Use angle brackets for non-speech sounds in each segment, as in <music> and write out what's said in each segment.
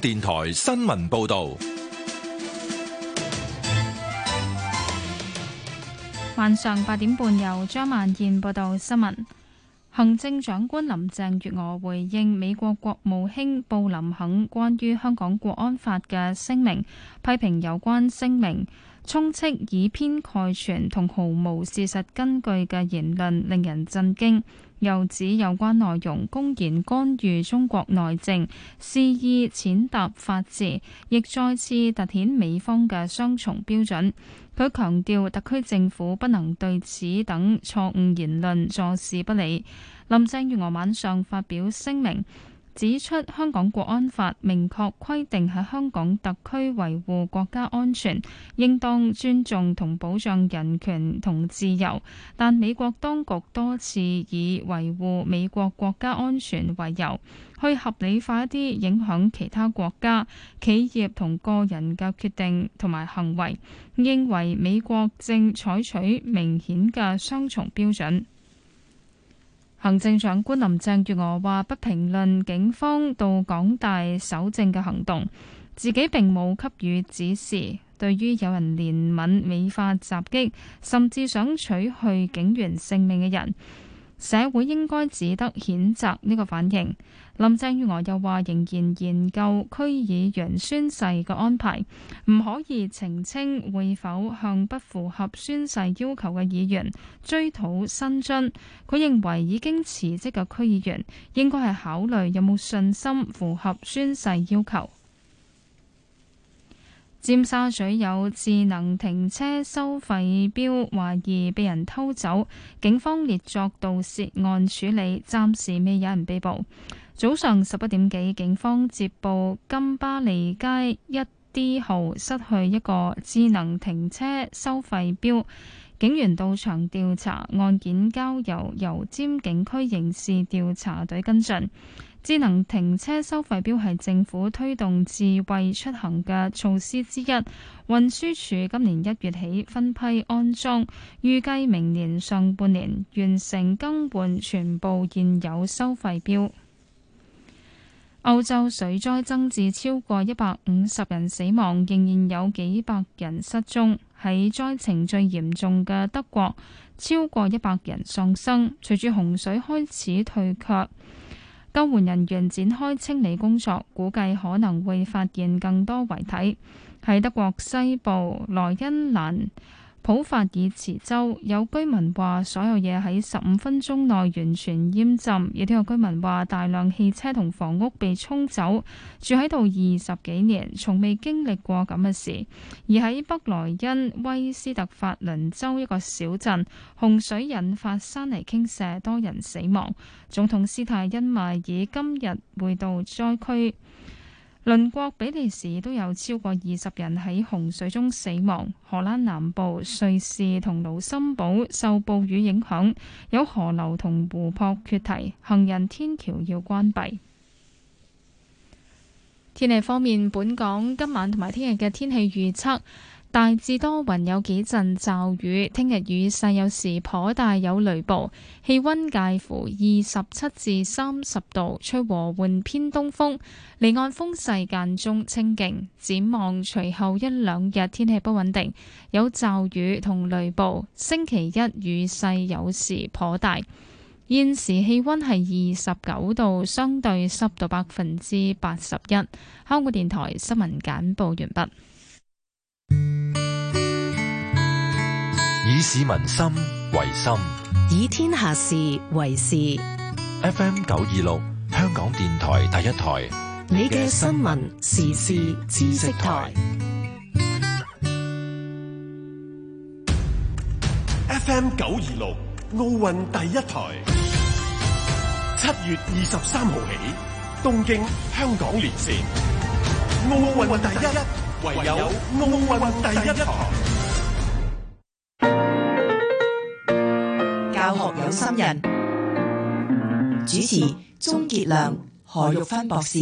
電台新聞報道。晚上八點半，由張萬燕報道新聞。行政長官林鄭月娥回應美國國務卿布林肯關於香港國安法嘅聲明，批評有關聲明充斥以偏概全同毫無事實根據嘅言論，令人震驚。又指有關內容公然干預中國內政，肆意踐踏法治，亦再次凸顯美方嘅雙重標準。佢強調，特區政府不能對此等錯誤言論坐視不理。林鄭月娥晚上發表聲明。指出香港國安法明確規定喺香港特區維護國家安全，應當尊重同保障人權同自由，但美國當局多次以維護美國國家安全為由，去合理化一啲影響其他國家、企業同個人嘅決定同埋行為，認為美國正採取明顯嘅雙重標準。行政長官林鄭月娥話：不評論警方到港大搜證嘅行動，自己並冇給予指示。對於有人憐憫美化襲擊，甚至想取去警員性命嘅人，社會應該只得譴責呢個反應。林鄭月娥又話：仍然研究區議員宣誓嘅安排，唔可以澄清會否向不符合宣誓要求嘅議員追討薪津。佢認為已經辭職嘅區議員應該係考慮有冇信心符合宣誓要求。尖沙咀有智能停車收費標，懷疑被人偷走，警方列作盜竊案處理，暫時未有人被捕。早上十一點幾，警方接報金巴利街一 D 號，失去一個智能停車收費標，警員到場調查，案件交由油尖警區刑事調查隊跟進。智能停車收費標係政府推動智慧出行嘅措施之一，運輸署今年一月起分批安裝，預計明年上半年完成更換全部現有收費標。歐洲水災增至超過一百五十人死亡，仍然有幾百人失蹤。喺災情最嚴重嘅德國，超過一百人喪生。隨住洪水開始退卻，救援人員展開清理工作，估計可能會發現更多遺體。喺德國西部萊茵蘭。普法爾茨州有居民話，所有嘢喺十五分鐘內完全淹浸。亦都有居民話，大量汽車同房屋被沖走。住喺度二十幾年，從未經歷過咁嘅事。而喺北萊茵威斯特法倫州一個小鎮，洪水引發山泥傾瀉，多人死亡。總統斯泰因邁爾今日回到災區。鄰國比利時都有超過二十人喺洪水中死亡。荷蘭南部、瑞士同盧森堡受暴雨影響，有河流同湖泊決堤，行人天橋要關閉。天氣方面，本港今晚同埋聽日嘅天氣預測。大致多雲，有幾陣驟雨。聽日雨勢有時頗大，有雷暴。氣溫介乎二十七至三十度，吹和緩偏東風。離岸風勢間中清勁。展望隨後一兩日天氣不穩定，有驟雨同雷暴。星期一雨勢有時頗大。現時氣溫係二十九度，相對濕度百分之八十一。香港電台新聞簡報完畢。以市民心為心，以天下事為事。FM 九二六，香港電台第一台，你嘅新聞時事知識台。FM 九二六，奧運第一台。七月二十三號起，東京香港連線，奧運第一，唯有奧運第一台。心人主持人：鍾杰良、何玉芬博士。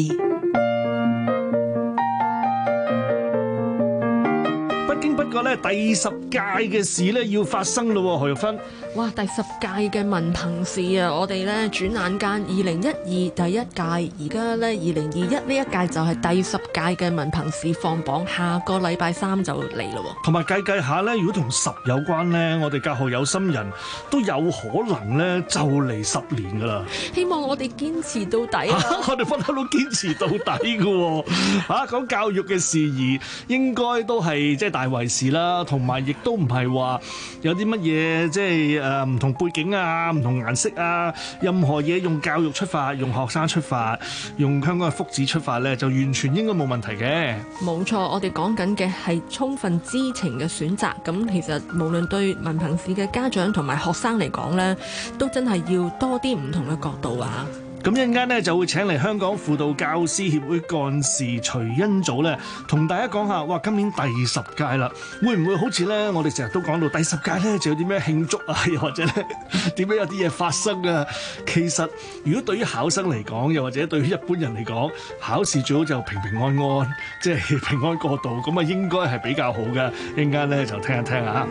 咧第十屆嘅事咧要發生咯，何玉芬。哇，第十屆嘅文憑試啊，我哋咧轉眼間二零一二第一屆，而家咧二零二一呢一屆就係第十屆嘅文憑試放榜，下個禮拜三就嚟咯。同埋計計下咧，如果同十有關咧，我哋教學有心人都有可能咧就嚟十年噶啦。希望我哋堅持到底 <laughs> 我哋分享到堅持到底噶，吓講、 <laughs> 啊、教育嘅事宜應該都係即係大衛士。啦，就是、同埋亦都唔係話有啲乜嘢，即係誒唔同背景啊，唔同顏色啊，任何嘢用教育出發，用學生出發，用香港嘅福祉出發咧，就完全應該冇問題嘅。冇錯，我哋講緊嘅係充分知情嘅選擇。咁其實無論對文憑試嘅家長同埋學生嚟講咧，都真係要多啲唔同嘅角度啊。咁一陣間咧就會請嚟香港輔導教師協會幹事徐恩祖咧，同大家講下，哇！今年第十屆啦，會唔會好似咧我哋成日都講到第十屆咧，就有啲咩慶祝啊，又或者咧點樣有啲嘢發生啊？其實如果對於考生嚟講，又或者對於一般人嚟講，考試最好就平平安安，即係平安過渡，咁啊應該係比較好嘅。一陣間咧就聽一聽吓！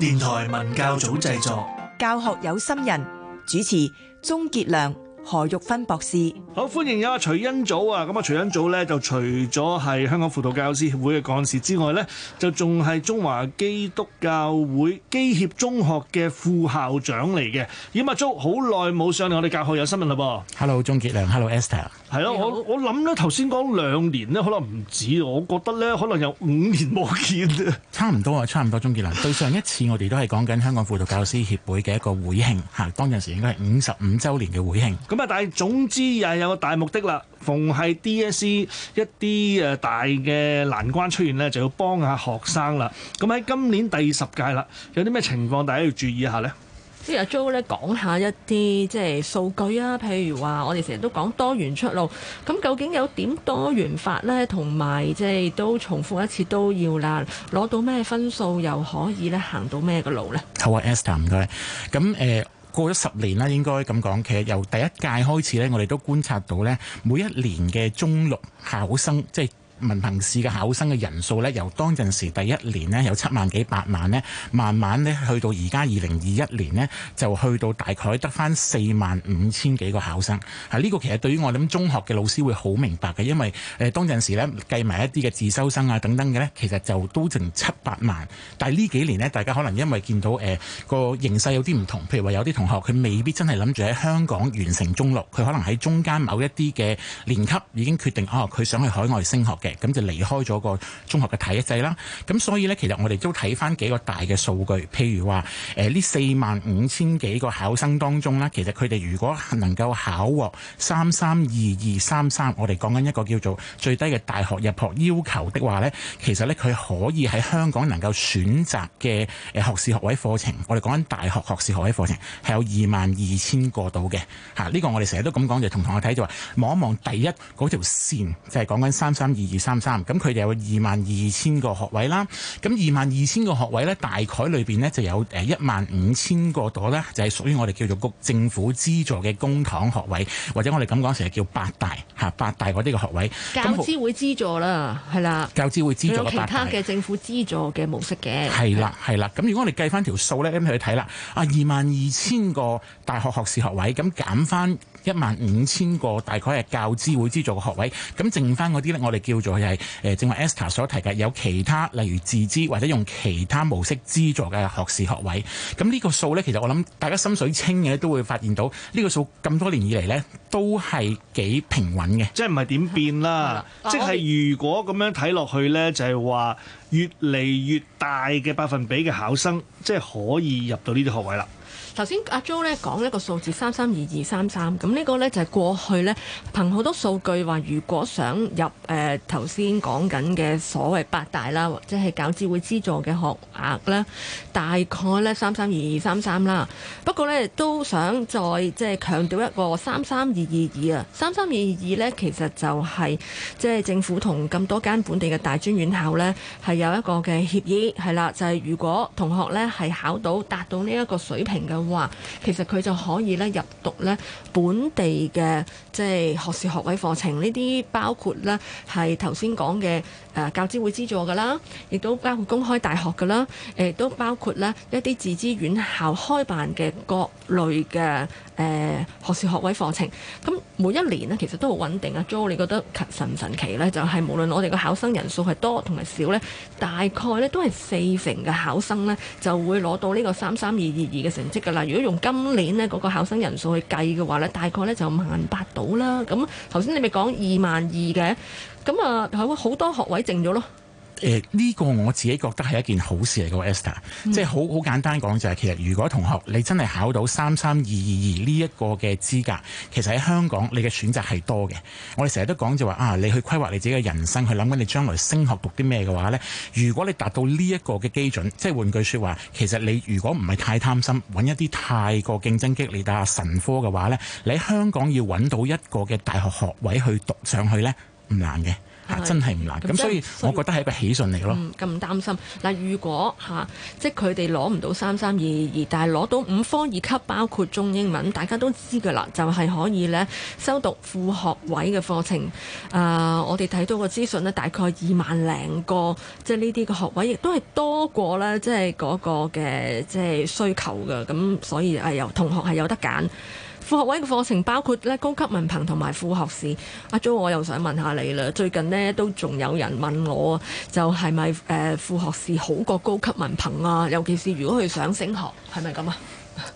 電台文教組製作，教學有心人主持鍾杰良。何玉芬博士，好歡迎有阿徐恩祖啊！咁啊，徐恩祖咧、啊、就除咗係香港輔導教師協會嘅幹事之外咧，就仲係中華基督教會基協中學嘅副校長嚟嘅。咦，阿祖好耐冇上嚟我哋教學，有新聞嘞噃。Hello，鍾杰良，Hello，Esther。係咯、啊 Hello.，我我諗咧，頭先講兩年咧，可能唔止，我覺得咧，可能有五年冇見。差唔多啊，差唔多，鍾杰良。 <laughs> 對上一次我哋都係講緊香港輔導教師協會嘅一個會慶吓，當陣時應該係五十五周年嘅會慶。咁啊！但係總之又有個大目的啦。逢係 DSE 一啲誒大嘅難關出現咧，就要幫下學生啦。咁喺、嗯、今年第十屆啦，有啲咩情況大家要注意一下呢？即係阿 Jo 咧，講下一啲即係數據啊。譬如話我哋成日都講多元出路，咁究竟有點多元法咧？同埋即係都重複一次都要啦。攞到咩分數又可以咧行到咩嘅路咧？好啊 Esther 唔該。咁誒。過咗十年啦，應該咁講，其實由第一屆開始呢，我哋都觀察到呢，每一年嘅中六考生即係，文憑試嘅考生嘅人數咧，由當陣時第一年咧有七萬幾八萬咧，慢慢咧去到而家二零二一年咧，就去到大概得返四萬五千幾個考生。係、啊、呢、呢個其實對於我諗中學嘅老師會好明白嘅，因為誒、呃、當陣時咧計埋一啲嘅自修生啊等等嘅咧，其實就都剩七八萬。但係呢幾年咧，大家可能因為見到誒個、呃、形勢有啲唔同，譬如話有啲同學佢未必真係諗住喺香港完成中六，佢可能喺中間某一啲嘅年級已經決定哦，佢、啊、想去海外升學咁就離開咗個中學嘅體制啦。咁所以呢，其實我哋都睇翻幾個大嘅數據，譬如話誒呢四萬五千幾個考生當中咧，其實佢哋如果能夠考獲三三二二三三，我哋講緊一個叫做最低嘅大學入學要求的話呢，其實呢，佢可以喺香港能夠選擇嘅誒學士學位課程，我哋講緊大學學士學位課程係有二萬二千個度嘅。嚇，呢個我哋成日都咁講，就同同學睇就話、是，望一望第一嗰條線就係講緊三三二二。二三三，咁佢哋有二萬二千個學位啦。咁二萬二千個學位呢，大概裏邊呢就有誒一萬五千個度呢，就係屬於我哋叫做政府資助嘅公帑學位，或者我哋咁講成日叫八大吓，八大嗰啲嘅學位，教資會資助啦，係啦，教資會資助嘅八大，有其他嘅政府資助嘅模式嘅，係啦係啦。咁如果我哋計翻條數呢，咁你去睇啦。啊，二萬二千個大學學士學位，咁減翻。一萬五千個大概係教資會資助嘅學位，咁剩翻嗰啲呢，我哋叫做係誒，正話 Esther 所提嘅有其他，例如自資或者用其他模式資助嘅學士學位。咁呢個數呢，其實我諗大家心水清嘅都會發現到呢個數咁多年以嚟呢，都係幾平穩嘅。即係唔係點變啦。 <laughs> 即係如果咁樣睇落去呢，就係話越嚟越大嘅百分比嘅考生，即係可以入到呢啲學位啦。頭先阿 Jo 呢，講一個數字三三二二三三，咁呢個呢，就係過去呢，憑好多數據話，如果想入誒頭先講緊嘅所謂八大啦，或者係教資會資助嘅學額呢，大概呢，三三二二三三啦。不過呢，都想再即係強調一個三三二二二啊，三三二二二呢，其實就係即係政府同咁多間本地嘅大專院校呢，係有一個嘅協議係啦，就係如果同學呢，係考到達到呢一個水平。嘅話，其實佢就可以咧，入讀咧，本地嘅即係學士學位課程，呢啲，包括咧係頭先講嘅。誒教資會資助㗎啦，亦都包括公開大學㗎啦，誒都包括咧一啲自資院校開辦嘅各類嘅誒、呃、學士學位課程。咁每一年呢，其實都好穩定啊。Jo，你覺得神唔神奇呢？就係、是、無論我哋個考生人數係多同埋少呢，大概呢都係四成嘅考生呢就會攞到呢個三三二二二嘅成績㗎喇。如果用今年呢嗰、那個考生人數去計嘅話呢，大概呢就萬八到啦。咁頭先你咪講二萬二嘅。咁啊，係喎，好多學位剩咗咯。誒、呃，呢、這個我自己覺得係一件好事嚟嘅，Esther。嗯、即係好好簡單講就係、是，其實如果同學你真係考到三三二二二呢一個嘅資格，其實喺香港你嘅選擇係多嘅。我哋成日都講就話、是、啊，你去規劃你自己嘅人生，去諗緊你將來升學讀啲咩嘅話呢。如果你達到呢一個嘅基準，即係換句説話，其實你如果唔係太貪心，揾一啲太過競爭激烈、大神科嘅話呢，你喺香港要揾到一個嘅大學學位去讀上去呢。唔難嘅，嚇的真係唔難。咁的所以，所以我覺得係一個喜訊嚟咯。咁、嗯、擔心嗱，如果嚇、啊、即係佢哋攞唔到三三二二，但係攞到五科二級，包括中英文，大家都知㗎啦，就係、是、可以咧修讀副學位嘅課程。誒、呃，我哋睇到個資訊咧，大概二萬零個，即係呢啲嘅學位亦都係多過呢，即係嗰個嘅即係需求㗎。咁所以誒，有同學係有得揀。副學位嘅課程包括咧，高級文憑同埋副學士。阿祖，我又想問下你啦，最近呢都仲有人問我，就係咪誒副學士好過高級文憑啊？尤其是如果佢想升學，係咪咁啊？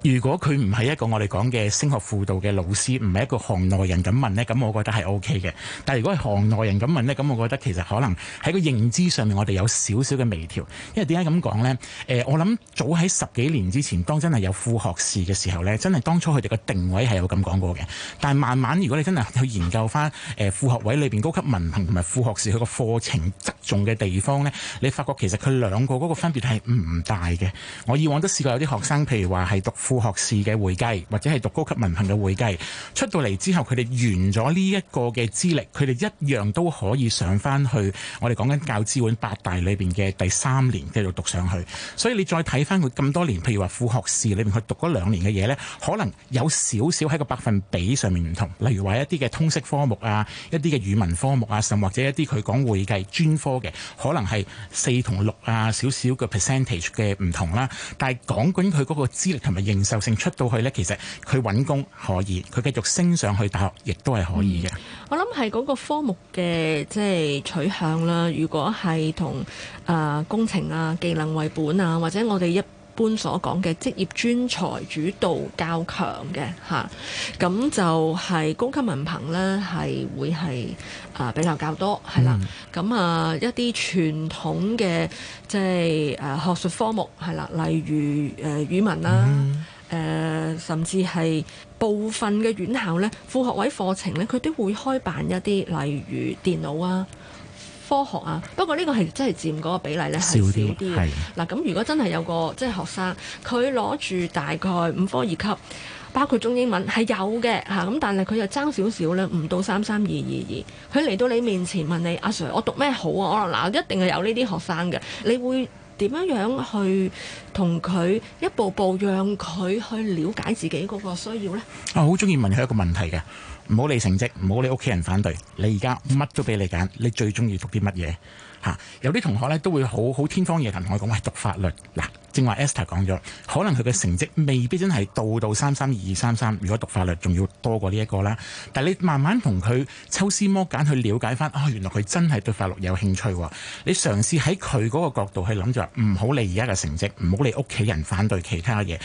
如果佢唔係一個我哋講嘅升學輔導嘅老師，唔係一個行內人咁問呢，咁我覺得係 O K 嘅。但係如果係行內人咁問呢，咁我覺得其實可能喺個認知上面，我哋有少少嘅微調。因為點解咁講呢？誒、呃，我諗早喺十幾年之前，當真係有副學士嘅時候呢，真係當初佢哋嘅定位係有咁講過嘅。但係慢慢，如果你真係去研究翻誒、呃、副學位裏邊高級文憑同埋副學士佢個課程側重嘅地方呢，你發覺其實佢兩個嗰個分別係唔大嘅。我以往都試過有啲學生，譬如話係。副學士嘅會計或者係讀高級文憑嘅會計出到嚟之後，佢哋完咗呢一個嘅資歷，佢哋一樣都可以上翻去我哋講緊教資會八大裏邊嘅第三年繼續讀上去。所以你再睇翻佢咁多年，譬如話副學士裏面去讀嗰兩年嘅嘢呢，可能有少少喺個百分比上面唔同。例如話一啲嘅通識科目啊，一啲嘅語文科目啊，甚至或者一啲佢講會計專科嘅，可能係四同六啊，少少嘅 percentage 嘅唔同啦。但係講緊佢嗰個資歷同埋。營售性出到去呢，其實佢揾工可以，佢繼續升上去大學，亦都係可以嘅。我諗係嗰個科目嘅即係取向啦。如果係同啊工程啊技能為本啊，或者我哋一般所講嘅職業專才主導較強嘅嚇，咁、啊、就係高級文憑呢係會係啊比較較多係、嗯、啦。咁啊一啲傳統嘅即係誒、啊、學術科目係啦，例如誒、呃、語文啦、啊，誒、嗯呃、甚至係部分嘅院校呢，副學位課程呢，佢都會開辦一啲，例如電腦啊。科學啊，不過呢個係真係佔嗰個比例呢係少啲。嗱，咁如果真係有個即係學生，佢攞住大概五科二級，包括中英文係有嘅嚇，咁、啊、但係佢又爭少少呢，唔到三三二二二。佢嚟到你面前問你阿、啊、sir，我讀咩好啊？我一定係有呢啲學生嘅。你會點樣樣去同佢一步步讓佢去了解自己嗰個需要呢？我好中意問佢一個問題嘅。唔好理成績，唔好理屋企人反對，你而家乜都俾你揀，你最中意讀啲乜嘢？嚇，啊，有啲同學咧都會好好天方夜譚同我講，喂，讀法律嗱，啊，正話 Esther 講咗，可能佢嘅成績未必真係到到三三二二三三，如果讀法律仲要多過呢一個啦。但係你慢慢同佢抽絲剝繭去了解返，啊，原來佢真係對法律有興趣，哦。你嘗試喺佢嗰個角度去諗就唔好理而家嘅成績，唔好理屋企人反對其他嘢。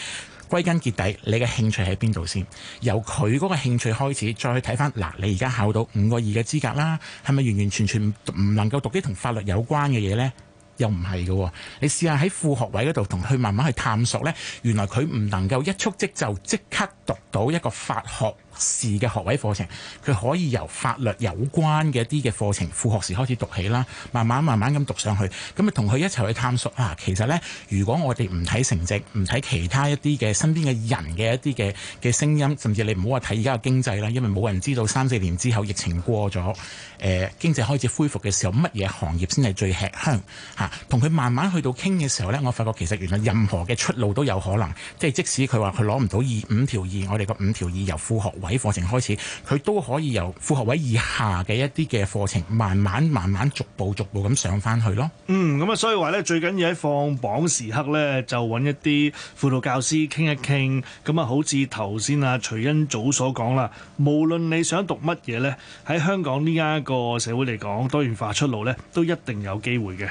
歸根結底，你嘅興趣喺邊度先？由佢嗰個興趣開始，再去睇翻嗱，你而家考到五個二嘅資格啦，係咪完完全全唔能夠讀啲同法律有關嘅嘢呢？又唔係㗎喎，你試下喺副學位嗰度同佢慢慢去探索呢，原來佢唔能夠一觸即就即刻讀到一個法學。事嘅學位課程，佢可以由法律有關嘅一啲嘅課程副學士開始讀起啦，慢慢慢慢咁讀上去，咁啊同佢一齊去探索啊。其實呢，如果我哋唔睇成績，唔睇其他一啲嘅身邊嘅人嘅一啲嘅嘅聲音，甚至你唔好話睇而家嘅經濟啦，因為冇人知道三四年之後疫情過咗，誒、呃、經濟開始恢復嘅時候，乜嘢行業先係最吃香嚇？同、啊、佢慢慢去到傾嘅時候呢，我發覺其實原來任何嘅出路都有可能，即係即使佢話佢攞唔到二五條二，我哋個五條二由副學。位課程開始，佢都可以由副學位以下嘅一啲嘅課程，慢慢慢慢逐步逐步咁上翻去咯。嗯，咁啊，所以話呢，最緊要喺放榜時刻呢，就揾一啲輔導教師傾一傾。咁啊，好似頭先啊徐恩祖所講啦，無論你想讀乜嘢呢，喺香港呢間個社會嚟講，多元化出路呢都一定有機會嘅。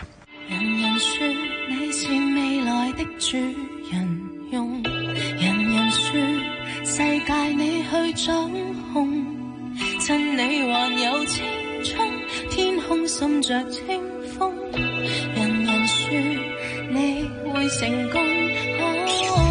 人人說你是未來的主世界你去掌控，趁你還有青春，天空滲着清風，人人說你會成功。Oh,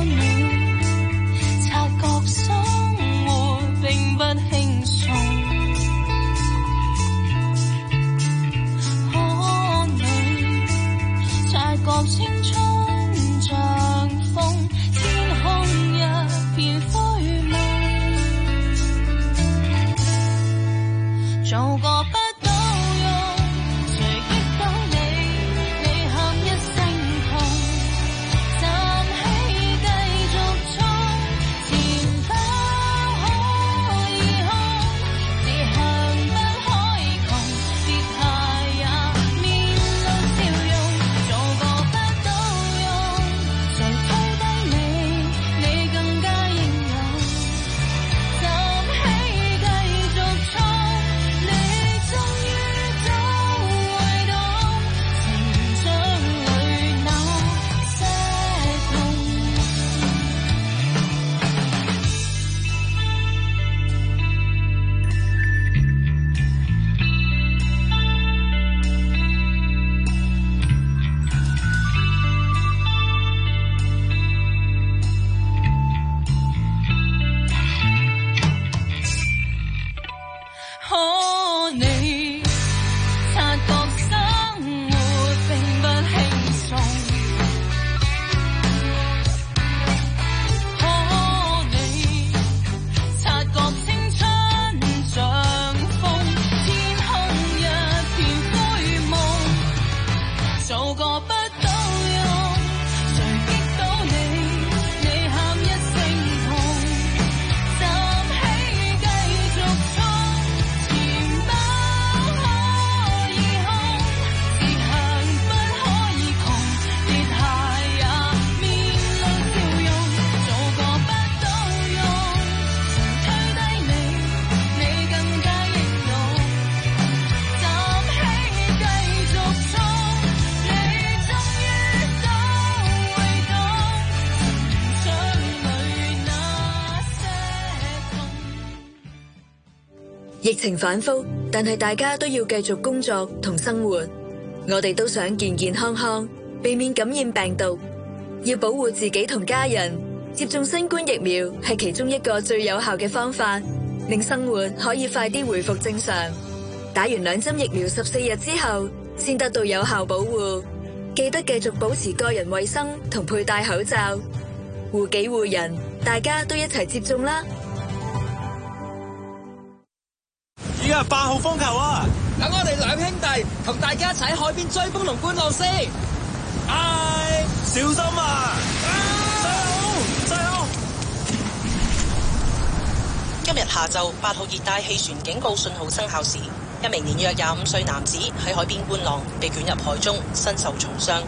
疫情反復，但係大家都要繼續工作同生活。我哋都想健健康康，避免感染病毒。要保護自己同家人，接種新冠疫苗係其中一個最有效嘅方法，令生活可以快啲回復正常。打完兩針疫苗十四日之後，先得到有效保護。記得繼續保持個人衛生同佩戴口罩，護己護人，大家都一齊接種啦！今日八號風球啊！等我哋兩兄弟同大家一齊喺海邊追風同觀浪先。係小心啊！今日下晝八號熱帶氣旋警告信號生效時，一名年約廿五歲男子喺海邊觀浪，被捲入海中，身受重傷。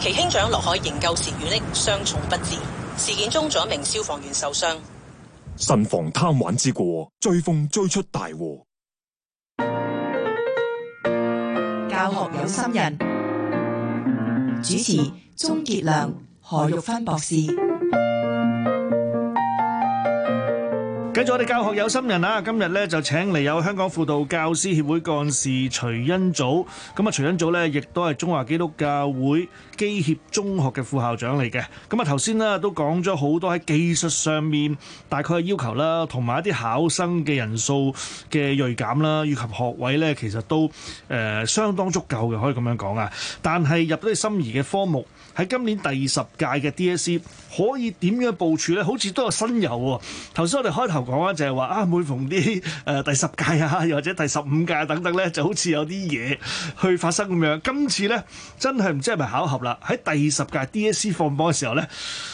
其兄長落海營救時，遇溺傷重不治。事件中，仲有一名消防員受傷。慎防貪玩之過，追風追出大禍。教學有心人，主持鍾傑良、何玉芬博士。跟住我哋教學有心人啊，今日咧就請嚟有香港輔導教師協會幹事徐恩祖，咁啊徐恩祖咧亦都係中華基督教會基協中學嘅副校長嚟嘅。咁啊頭先咧都講咗好多喺技術上面大概嘅要求啦，同埋一啲考生嘅人數嘅鋭減啦，以及學位咧其實都誒相當足夠嘅，可以咁樣講啊。但係入咗你心儀嘅科目。喺今年第十屆嘅 DSE 可以點樣部署咧？好似都有新油喎、哦。頭先我哋開頭講咧就係話啊，每逢啲誒、呃、第十屆啊，又或者第十五屆等等咧，就好似有啲嘢去發生咁樣。今次咧真係唔知係咪巧合啦？喺第十屆 DSE 放榜嘅時候咧，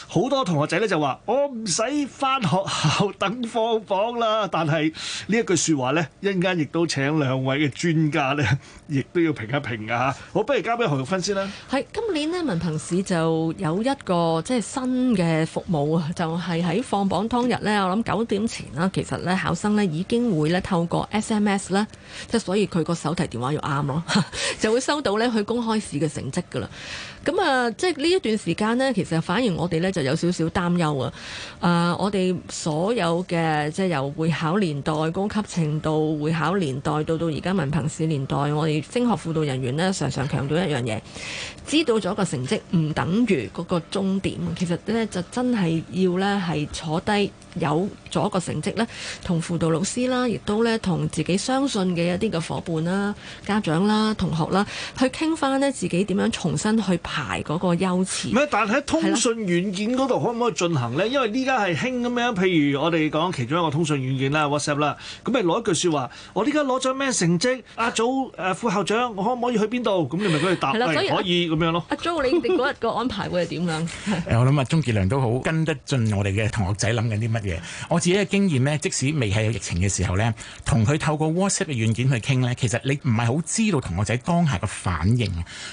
好多同學仔咧就話我唔使返學校等放榜啦。但係呢一句説話咧，一陣間亦都請兩位嘅專家咧，亦都要評一評㗎吓。我不如交俾何玉芬先啦。係今年咧文憑試。就有一個即係新嘅服務啊，就係、是、喺放榜當日咧，我諗九點前啦，其實咧考生咧已經會咧透過 SMS 咧，即係所以佢個手提電話要啱咯， <laughs> 就會收到咧佢公開試嘅成績噶啦。咁啊，即係呢一段時間呢，其實反而我哋呢就有少少擔憂啊。啊、呃，我哋所有嘅即係由會考年代、高級程度會考年代到到而家文憑試年代，我哋升學輔導人員呢，常常強調一樣嘢，知道咗個成績唔等於嗰個終點，其實咧就真係要咧係坐低。有咗個成績咧，同輔導老師啦，亦都咧同自己相信嘅一啲嘅伙伴啦、家長啦、同學啦，去傾翻呢自己點樣重新去排嗰個優次。咩？但係喺通訊軟件嗰度可唔可以進行呢？因為呢家係興咁樣，譬如我哋講其中一個通訊軟件啦，WhatsApp 啦，咁咪攞一句説話，我呢家攞咗咩成績？阿、啊、祖誒、啊、副校長，我可唔可以去邊度？咁你咪佢答，係、啊、可以咁、啊、樣咯。阿祖、啊，你定嗰日個安排會係點樣？ <laughs> 我諗啊，鍾傑良都好跟得進我哋嘅同學仔諗緊啲乜。我自己嘅經驗呢，即使未係有疫情嘅時候呢，同佢透過 WhatsApp 嘅軟件去傾呢，其實你唔係好知道同學仔當下嘅反應。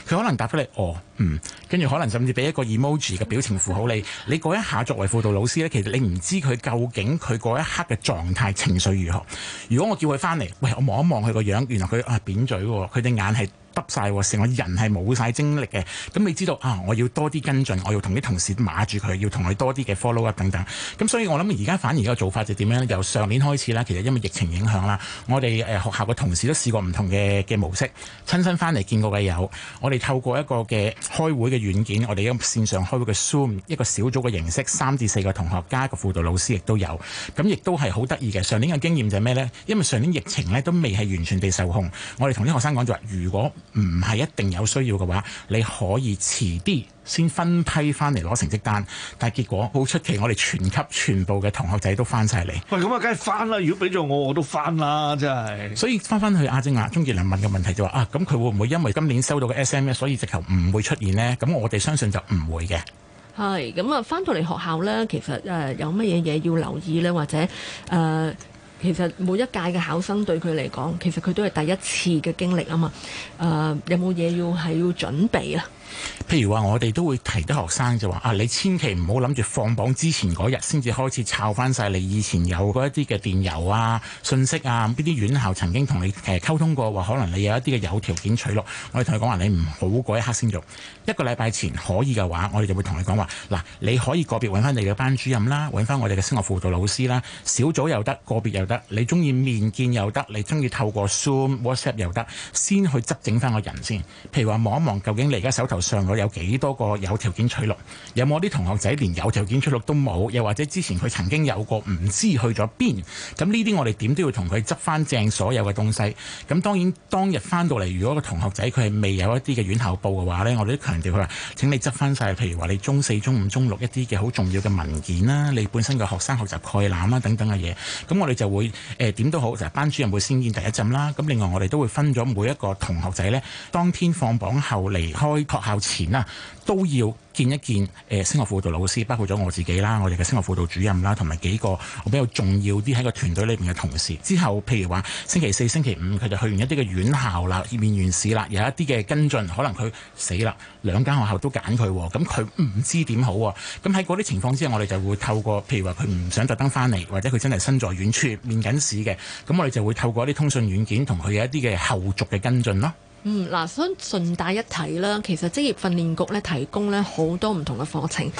佢可能答返你哦，嗯，跟住可能甚至俾一個 emoji 嘅表情符號你。你嗰一下作為輔導老師呢，其實你唔知佢究竟佢嗰一刻嘅狀態情緒如何。如果我叫佢翻嚟，喂，我望一望佢個樣，原來佢係扁嘴，佢隻眼係。揼晒喎，成個人係冇晒精力嘅。咁你知道啊，我要多啲跟進，我要同啲同事碼住佢，要同佢多啲嘅 follow 啊，等等。咁所以我諗而家反而個做法就點樣呢？由上年開始啦，其實因為疫情影響啦，我哋誒、呃、學校嘅同事都試過唔同嘅嘅模式，親身翻嚟見過嘅有，我哋透過一個嘅開會嘅軟件，我哋咁線上開會嘅 Zoom，一個小組嘅形式，三至四個同學加一個輔導老師亦都有。咁亦都係好得意嘅。上年嘅經驗就係咩呢？因為上年疫情呢都未係完全被受控，我哋同啲學生講就話，如果唔係一定有需要嘅話，你可以遲啲先分批翻嚟攞成績單。但係結果好出奇，我哋全級全部嘅同學仔都翻晒嚟。喂，咁啊，梗係翻啦！如果俾咗我，我都翻啦，真係。所以翻翻去阿正啊，鍾健良問嘅問題就話、是、啊，咁佢會唔會因為今年收到嘅 SMS 所以直頭唔會出現呢？」「咁我哋相信就唔會嘅。係咁啊，翻到嚟學校咧，其實誒、呃、有乜嘢嘢要留意咧，或者誒。呃其實每一屆嘅考生對佢嚟講，其實佢都係第一次嘅經歷啊嘛。誒、呃，有冇嘢要係要準備啊？譬如話我哋都會提啲學生就話啊，你千祈唔好諗住放榜之前嗰日先至開始抄翻晒你以前有嗰一啲嘅電郵啊、信息，啊，呢啲院校曾經同你誒溝通過，話可能你有一啲嘅有條件取錄，我哋同佢講話你唔好嗰一刻先做，一個禮拜前可以嘅話，我哋就會同你講話嗱，你可以個別搵翻你嘅班主任啦，搵翻我哋嘅升學輔導老師啦，小組又得，個別又得，你中意面見又得，你中意透過 Zoom、WhatsApp 又得，先去執整翻個人先。譬如話望一望究竟你而家手頭。上咗有幾多個有條件取錄？有冇啲同學仔連有條件取錄都冇？又或者之前佢曾經有過唔知去咗邊？咁呢啲我哋點都要同佢執翻正所有嘅東西。咁當然當日翻到嚟，如果個同學仔佢係未有一啲嘅院校報嘅話呢，我哋都強調佢話：請你執翻晒，譬如話你中四、中五、中六一啲嘅好重要嘅文件啦，你本身嘅學生學習概覽啦等等嘅嘢。咁我哋就會誒點、呃、都好，就係班主任會先見第一陣啦。咁另外我哋都會分咗每一個同學仔呢，當天放榜後離開學校前啊，都要見一見誒、呃，升學輔導老師，包括咗我自己啦，我哋嘅升學輔導主任啦，同埋幾個我比較重要啲喺個團隊裏邊嘅同事。之後譬如話星期四、星期五，佢就去完一啲嘅院校啦，面完市試啦，有一啲嘅跟進，可能佢死啦，兩間學校都揀佢，咁佢唔知點好。咁喺嗰啲情況之下，我哋就會透過譬如話佢唔想再登特登翻嚟，或者佢真係身在遠處面緊市面緊試嘅，咁我哋就會透過一啲通訊軟件同佢有一啲嘅後續嘅跟進咯。嗯，嗱，想順帶一提啦，其實職業訓練局咧，提供呢好多唔同嘅課程，誒、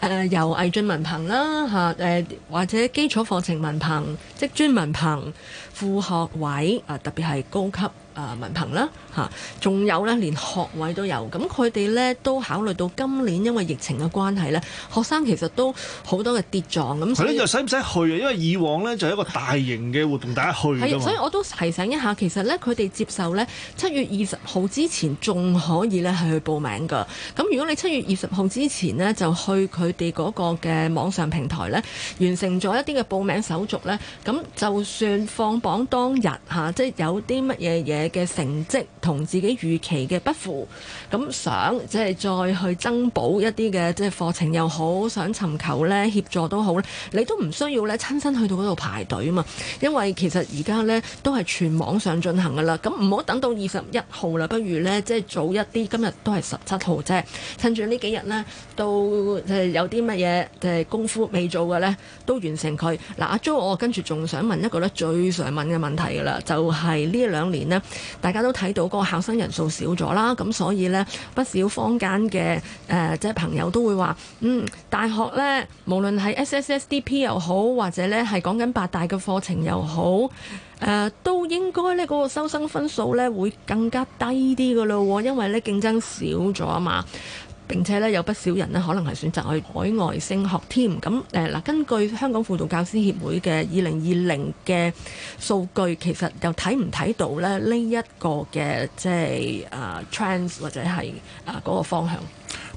呃，由毅進文憑啦，嚇、呃，誒或者基礎課程文憑、職專文憑、副學位啊、呃，特別係高級啊文憑啦嚇，仲有呢，連學位都有。咁佢哋呢，都考慮到今年因為疫情嘅關係呢，學生其實都好多嘅跌撞咁。係咯，又使唔使去啊？因為以往呢，就係一個大型嘅活動，大家去㗎嘛。所以我都提醒一下，其實呢，佢哋接受呢，七月二十號之前仲可以呢係去報名㗎。咁如果你七月二十號之前呢，就去佢哋嗰個嘅網上平台呢，完成咗一啲嘅報名手續呢，咁就算放榜當日嚇、啊，即係有啲乜嘢嘢。嘅成績同自己預期嘅不符，咁想即係再去增補一啲嘅即係課程又好，想尋求呢協助都好，你都唔需要呢親身去到嗰度排隊啊嘛，因為其實而家呢都係全網上進行噶啦，咁唔好等到二十一號啦，不如呢即係早一啲，今日都係十七號啫，趁住呢幾日呢，都誒有啲乜嘢功夫未做嘅呢都完成佢。嗱、啊，阿 Jo，我跟住仲想問一個呢最想問嘅問題噶啦，就係呢兩年呢。大家都睇到嗰個考生人數少咗啦，咁所以呢，不少坊間嘅誒、呃、即係朋友都會話：嗯，大學呢，無論係 SSSDP 又好，或者呢係講緊八大嘅課程又好，誒、呃、都應該呢嗰、那個收生分數呢會更加低啲嘅咯，因為呢競爭少咗啊嘛。並且咧有不少人咧可能係選擇去海外升學添咁誒嗱，根據香港輔導教師協會嘅二零二零嘅數據，其實又睇唔睇到咧呢一、這個嘅即係誒趨 s 或者係誒嗰個方向？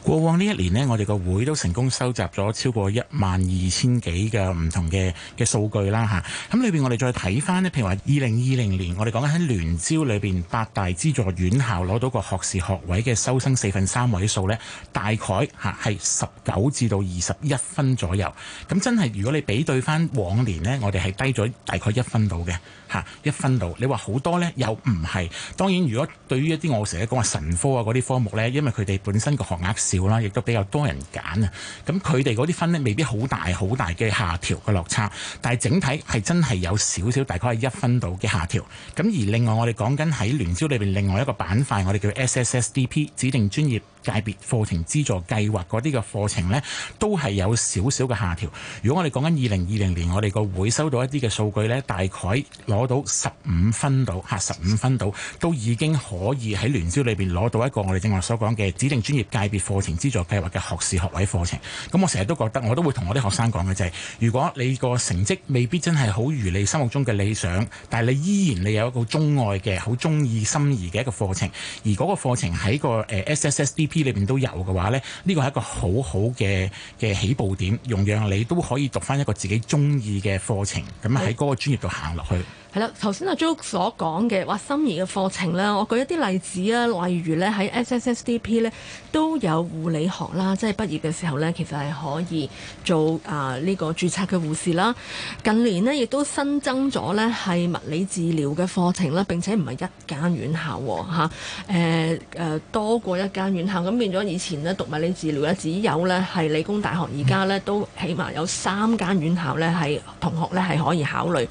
過往呢一年呢，我哋個會都成功收集咗超過一萬二千幾嘅唔同嘅嘅數據啦吓，咁裏邊我哋再睇翻咧，譬如話二零二零年，我哋講緊喺聯招裏邊八大資助院校攞到個學士學位嘅收生四分三位數呢，大概嚇係十九至到二十一分左右。咁真係如果你比對翻往年呢，我哋係低咗大概一分到嘅嚇，一分到。你話好多呢，又唔係。當然如果對於一啲我成日講話神科啊嗰啲科目呢，因為佢哋本身個學額，少啦，亦都比較多人揀啊。咁佢哋嗰啲分呢，未必好大好大嘅下調嘅落差，但係整體係真係有少少大概一分度嘅下調。咁而另外我哋講緊喺聯招裏邊另外一個板塊，我哋叫 SSSDP 指定專業界別課程資助計劃嗰啲嘅課程呢，都係有少少嘅下調。如果我哋講緊二零二零年，我哋個會收到一啲嘅數據呢，大概攞到十五分到吓，十五分到都已經可以喺聯招裏邊攞到一個我哋正話所講嘅指定專業界別課程資助計劃嘅學士學位課程。咁我成日都覺得，我都會同我啲學生講嘅就係、是，如果你個成績未必真係好如你心目中嘅理想，但係你依然你有一個鍾愛嘅、好鍾意心儀嘅一個課程，而嗰個課程喺個誒 S S S D 呃 P 裏邊都有嘅話，咧，呢個係一個好好嘅嘅起步點，容讓你都可以讀翻一個自己中意嘅課程，咁喺嗰個專業度行落去。係啦、嗯，頭先阿 j 朱所講嘅話，心儀嘅課程咧，我舉一啲例子啊，例如咧喺 SSSDP 咧都有護理學啦，即係畢業嘅時候咧，其實係可以做啊呢、呃這個注冊嘅護士啦。近年咧亦都新增咗咧係物理治療嘅課程啦，並且唔係一間院校吓誒誒多過一間院校。咁變咗以前咧讀物理治療咧，只有咧係理工大學。而家咧都起碼有三間院校咧，係同學咧係可以考慮。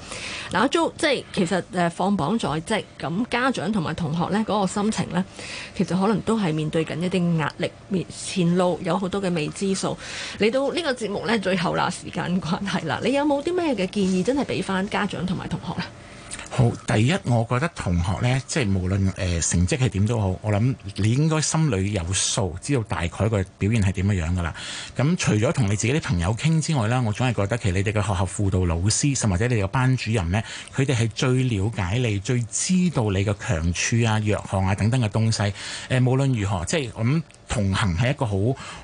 嗱、啊，Jo, 即係其實誒放榜在即，咁家長同埋同學咧嗰、嗰個心情咧，其實可能都係面對緊一啲壓力，面前路有好多嘅未知數。嚟到呢個節目咧最後啦，時間關係啦，你有冇啲咩嘅建議，真係俾翻家長同埋同學咧？好，第一，我覺得同學呢，即係無論誒、呃、成績係點都好，我諗你應該心裏有數，知道大概個表現係點樣樣噶啦。咁、嗯、除咗同你自己啲朋友傾之外咧，我總係覺得其實你哋嘅學校輔導老師，甚至或者你哋嘅班主任呢，佢哋係最了解你、最知道你嘅強處啊、弱項啊等等嘅東西。誒、呃，無論如何，即係咁。嗯同行係一個好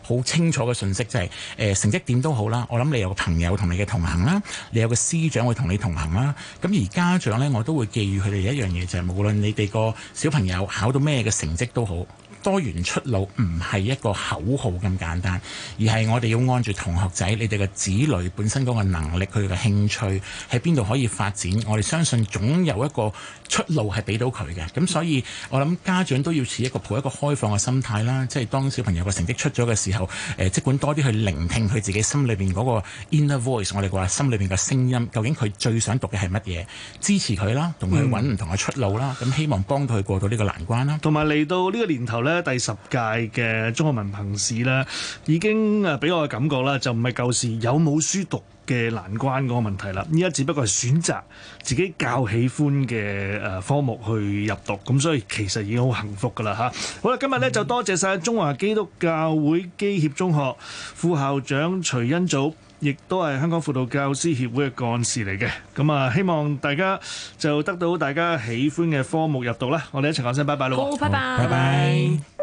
好清楚嘅信息，就係、是、誒、呃、成績點都好啦。我諗你有個朋友同你嘅同行啦，你有個師長會同你同行啦。咁而家長呢，我都會寄予佢哋一樣嘢，就係、是、無論你哋個小朋友考到咩嘅成績都好。多元出路唔係一個口號咁簡單，而係我哋要按住同學仔你哋嘅子女本身個能力，佢嘅興趣喺邊度可以發展，我哋相信總有一個出路係俾到佢嘅。咁所以，我諗家長都要持一個抱一個開放嘅心態啦。即係當小朋友個成績出咗嘅時候，誒、呃、即管多啲去聆聽佢自己心裏邊個 inner voice，我哋話心裏邊嘅聲音，究竟佢最想讀嘅係乜嘢？支持佢啦，同佢揾唔同嘅出路啦。咁、嗯、希望幫佢過到呢個難關啦。同埋嚟到呢個年頭，咧第十屆嘅中學文憑試咧，已經誒俾我嘅感覺啦，就唔係舊時有冇書讀嘅難關嗰個問題啦。依家只不過係選擇自己較喜歡嘅誒科目去入讀，咁所以其實已經好幸福噶啦嚇。好啦，今日咧，就多謝晒中華基督教會基協中學副校長徐恩祖。亦都係香港輔導教師協會嘅幹事嚟嘅，咁啊希望大家就得到大家喜歡嘅科目入讀啦！我哋一齊講聲拜拜咯，好，拜拜。